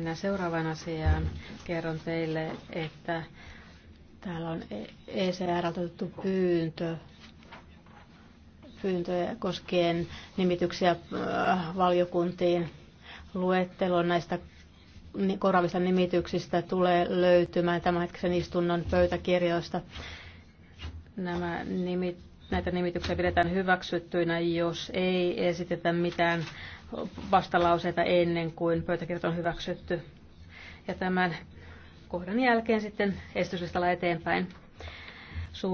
Mennään seuraavaan asiaan. Kerron teille, että täällä on ECR e otettu pyyntö pyyntöjä koskien nimityksiä äh, valiokuntiin. Luettelo näistä korvaavista nimityksistä tulee löytymään tämänhetkisen istunnon pöytäkirjoista. Nämä nimit, näitä nimityksiä pidetään hyväksyttyinä, jos ei esitetä mitään vastalauseita ennen kuin pöytäkirjat on hyväksytty. Ja tämän kohdan jälkeen sitten estyslistalla eteenpäin suullinen